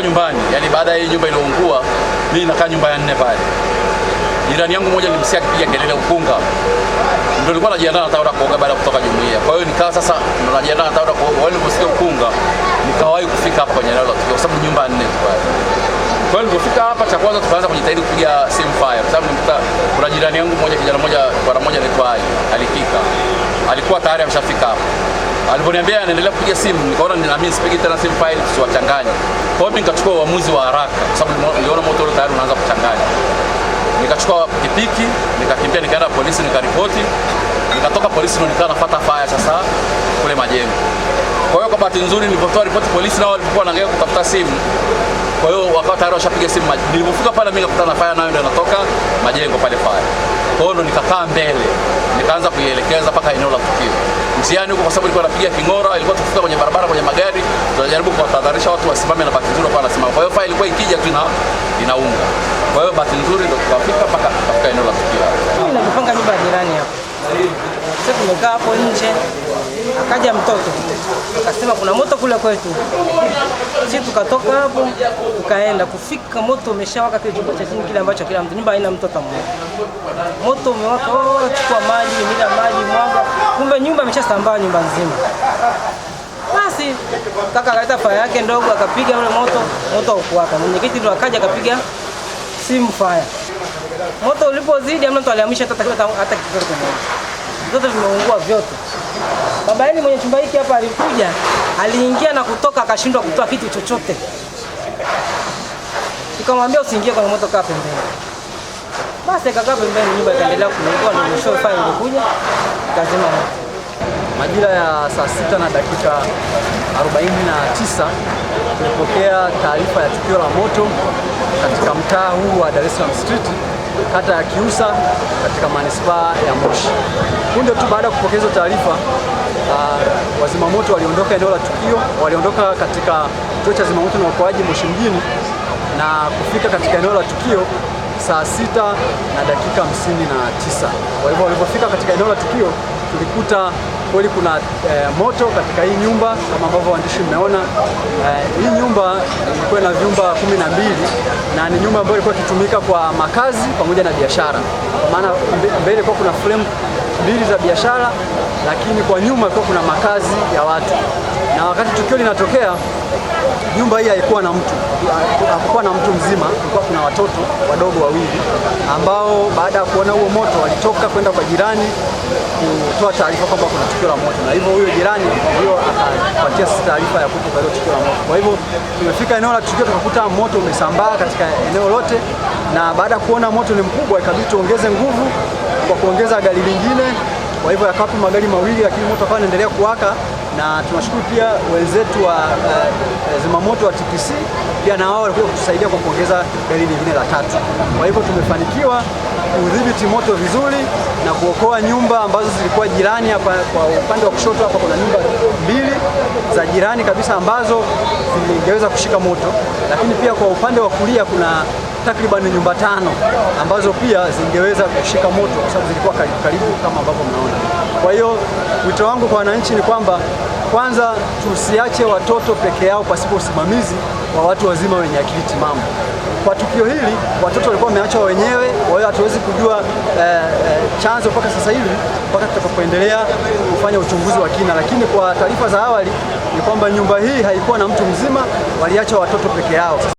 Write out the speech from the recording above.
nilikuwa nyumbani, yani baada ya hii nyumba iliyoungua, mimi nakaa nyumba ya nne pale. Jirani yangu mmoja nilimsikia akipiga kelele ukunga, ndio nilikuwa najiandaa na taulo kuoga baada ya kutoka jumuiya. Kwa hiyo nikawa sasa najiandaa na taulo kuoga, wale niliposikia ukunga nikawahi kufika hapa kwenye eneo la tukio, kwa sababu nyumba ya nne tu pale. Kwa hiyo nilipofika hapa, cha kwanza tukaanza kujitahidi kupiga simu fire, kwa sababu nilikuta kuna jirani yangu mmoja, kijana mmoja, bwana mmoja anaitwa Ali alifika, alikuwa tayari ameshafika hapa Aliponiambia anaendelea kupiga simu, nikaona ninaamini sipigi tena simu file siwachanganye. Kwa hiyo nikachukua uamuzi wa haraka kwa sababu niliona moto ule tayari unaanza kuchanganya. Nikachukua pikipiki, nikakimbia nikaenda polisi nikaripoti nikatoka polisi ndo nikawa nafuata faya sasa kule Majengo. Kwa hiyo kwa bahati nzuri nilipotoa ripoti polisi, nao walikuwa wanaangalia kutafuta simu, kwa hiyo wakawa tayari washapiga simu. Nilipofika pale mimi nikakutana na faya, nayo ndo natoka Majengo pale faya. Kwa hiyo ndo nikakaa mbele nikaanza kuielekeza mpaka eneo la tukio. Mtiani huko kwa sababu ilikuwa napiga king'ora, ilikuwa tukifika kwenye barabara kwenye magari tunajaribu kuwatahadharisha watu wasimame, na bahati nzuri wakawa wanasimama. Kwa hiyo faya ilikuwa ikija tu inaunga. Kwa hiyo bahati nzuri ndo tukafika mpaka tukafika eneo la tukio. Mimi najipanga nyumba ya jirani hapo. Sisi tumekaa hapo nje, akaja mtoto akasema kuna moto kule kwetu. Sisi tukatoka hapo tukaenda, kufika moto umeshawaka kile chumba cha chini kile ambacho kila mtu nyumba haina mtoto mmoja, moto umewaka. Oh, chukua maji, mila maji, mwanga, kumbe nyumba imeshasambaa nyumba nzima. Basi kaka akaleta faya yake ndogo akapiga ule moto, moto ukuwaka. Mwenyekiti ndo akaja akapiga simu faya Moto ulipozidi hamna mtu aliamisha hata hata kitu kimoja. zote vimeungua vyote. Baba yani mwenye chumba hiki hapa alikuja, aliingia na kutoka akashindwa kutoa kitu chochote. Nikamwambia usiingie kwenye moto, kaa pembeni. Basi akakaa pembeni, nyumba ikaendelea kuungua na mwisho fire ilikuja ikazima moto. Majira ya saa sita na dakika arobaini na tisa tulipokea taarifa ya tukio la moto katika mtaa huu wa Dar es Salaam Street kata ya Kiusa katika manispaa ya Moshi. Punde tu baada ya kupokea hizo taarifa, uh, wazimamoto waliondoka eneo la tukio, waliondoka katika kituo cha zimamoto na uokoaji Moshi mjini na kufika katika eneo la tukio saa sita na dakika hamsini na tisa. Kwa hivyo walipofika katika eneo la tukio tulikuta Kweli kuna eh, moto katika hii nyumba kama ambavyo waandishi mmeona. Eh, hii nyumba ilikuwa na vyumba kumi na mbili na ni nyumba ambayo ilikuwa ikitumika kwa makazi pamoja na biashara, kwa maana mbele kwa kuna frame mbili za biashara, lakini kwa nyuma kwa kuna makazi ya watu, na wakati tukio linatokea nyumba hii haikuwa na mtu, hakukuwa na mtu mzima, kulikuwa kuna watoto wadogo wawili ambao baada ya kuona huo moto walitoka kwenda kwa jirani kutoa taarifa kwamba kuna tukio la moto, na hivyo huyo jirani ndio akapatia sisi taarifa ya kuwepo kwa tukio la moto. Kwa hivyo tumefika eneo la tukio, tukakuta moto umesambaa katika eneo lote, na baada ya kuona moto ni mkubwa, ikabidi tuongeze nguvu kwa kuongeza gari lingine. Kwa hivyo yakapo magari mawili, lakini moto akawa anaendelea kuwaka na tunashukuru pia wenzetu wa uh, zimamoto wa TPC pia na wao walikuja kutusaidia kwa kuongeza gari lingine la tatu. Kwa hivyo tumefanikiwa kudhibiti moto vizuri na kuokoa nyumba ambazo zilikuwa jirani hapa. Kwa upande wa kushoto hapa kuna nyumba mbili za jirani kabisa ambazo zingeweza kushika moto, lakini pia kwa upande wa kulia kuna takriban nyumba tano ambazo pia zingeweza kushika moto kwa sababu zilikuwa karibu karibu kama ambavyo mnaona. Kwa hiyo wito wangu kwa wananchi ni kwamba kwanza tusiache watoto peke yao pasipo usimamizi wa watu wazima wenye akili timamu. Kwa tukio hili watoto walikuwa wameachwa wenyewe, kwa hiyo hatuwezi kujua e, chanzo mpaka sasa hivi, mpaka tutakapoendelea kufanya uchunguzi wa kina. Lakini kwa taarifa za awali ni kwamba nyumba hii haikuwa na mtu mzima, waliacha watoto peke yao.